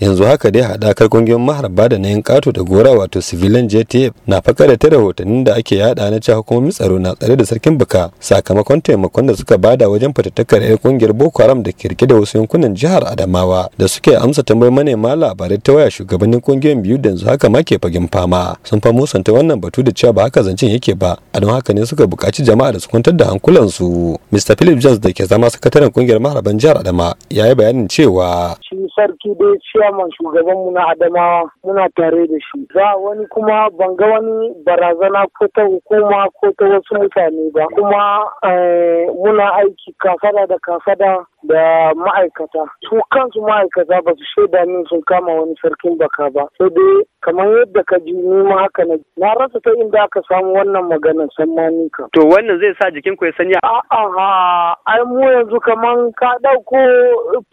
yanzu haka dai haɗakar kungiyoyin maharba da na yin kato da gora wato civilian jtf na faka da ta rahotannin da ake yada na cewa hukumomin tsaro na tsare da sarkin buka sakamakon taimakon da suka bada wajen fatattakar yar kungiyar boko haram da rike da wasu yankunan jihar adamawa da suke amsa tambayar manema labarai ta waya shugabannin kungiyoyin biyu da yanzu haka ma ke fagen fama sun fa musanta wannan batu da cewa ba haka zancen yake ba a don haka ne suka buƙaci jama'a da su kwantar da hankulansu mr philip jones da ke zama sakataren kungiyar maharban jihar adama ya bayanin cewa sarki dai shugaban mu na adamawa muna tare da shi za wani kuma ban ga wani barazana ko ta hukuma ko ta wasu mutane ba kuma eh, muna aiki kafada da kafada da ma'aikata su kansu ma'aikata ba su shaida min sun kama wani sarkin baka ba sai dai kamar yadda ka ji ni ma haka na na rasa ta inda aka samu wannan maganar sammani ka to wannan zai sa jikin ku ya sanya ha, ai mu yanzu kaman ka dauko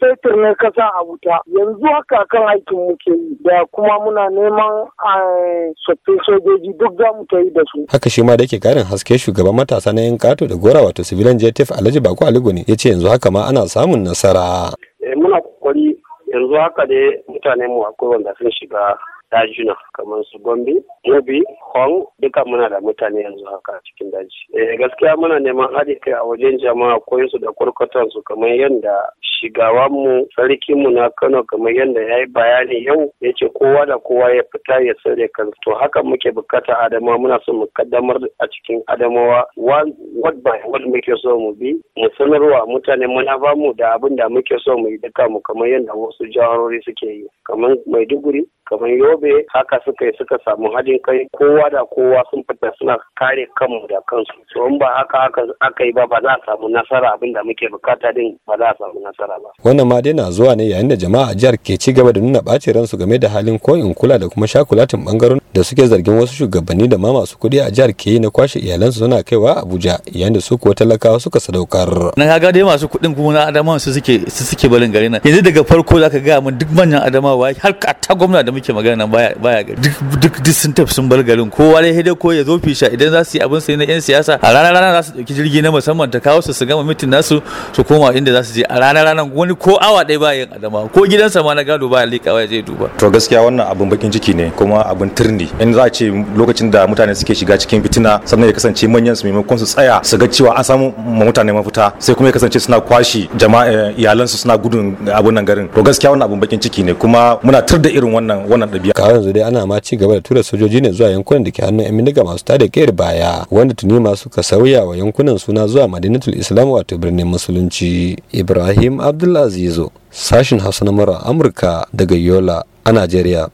fetur ne ka sa a wuta yanzu haka akan aikin muke yi da kuma muna neman eh, tsoffin sojoji duk za mu ta yi da su. Haka shi ma da yake karin haske shugaban matasa na yan kato da gora wato civilian JTF Alhaji Bako ne ya ce yanzu haka ma ana samun nasara. Eh, muna kokari yanzu haka dai mutane mu akwai wanda sun shiga dajina kamar su gombe yobe hong duka muna da mutane yanzu haka a cikin daji eh gaskiya muna neman haɗi kai a wajen jama'a koyi su da kurkutan su kamar yadda shigawanmu sarkinmu na kano kamar yadda ya yi bayani yau ya ce kowa da kowa ya fita ya tsare kansa to haka muke bukata adama muna son mu kaddamar a cikin adamawa what by what muke so mu bi mu sanarwa mutane muna ba mu da abin da muke so mu yi duka mu kamar yadda wasu jawarori suke yi kamar maiduguri kamar yobe haka suka yi suka samu haɗin kai kowa da kowa sun fita suna kare kanmu da kansu so in ba haka aka yi ba ba za a samu nasara abin da muke bukata din ba za a samu nasara ba wannan ma dai na zuwa ne yayin da jama'a jihar ke ci gaba da nuna ɓacin ransu game da halin ko in kula da kuma shakulatin bangaren da suke zargin wasu shugabanni da ma masu kuɗi a jihar ke yi na kwashe iyalansu suna kaiwa abuja yayin da su kuwa talakawa suka sadaukar na kaga dai masu kuɗin kuma na adamawa su suke su gari na yanzu daga farko zaka gaya mun duk manyan adamawa har ta gwamna da muke magana nan baya baya duk duk duk sun tafi sun bar garin kowa dai hidda ko ya zo fisha idan za su yi abin sai na yan siyasa a ranar ranar za su dauki jirgi na musamman ta kawo su su gama mitin nasu su koma inda za su je a ranar ranar wani ko awa ɗaya baya yin adama ko gidansa ma na gado baya likawa ya je duba to gaskiya wannan abin bakin ciki ne kuma abin turni in za a ce lokacin da mutane suke shiga cikin fitina sannan ya kasance manyan su maimakon su tsaya su ga cewa an samu mutane mafita sai kuma ya kasance suna kwashi jama'a eh, iyalansu suna gudun abun nan garin to gaskiya wannan abin bakin ciki ne kuma muna tur da irin wannan wannan ɗabi'a kawai yanzu dai ana ma ci gaba da tura sojoji ne zuwa yankunan da ke hannun yan bindiga masu tada kayar baya wanda tuni ma suka sauya wa yankunan suna zuwa madinatul islam wato birnin musulunci ibrahim Abdulaziz sashin hausa na amurka daga yola a najeriya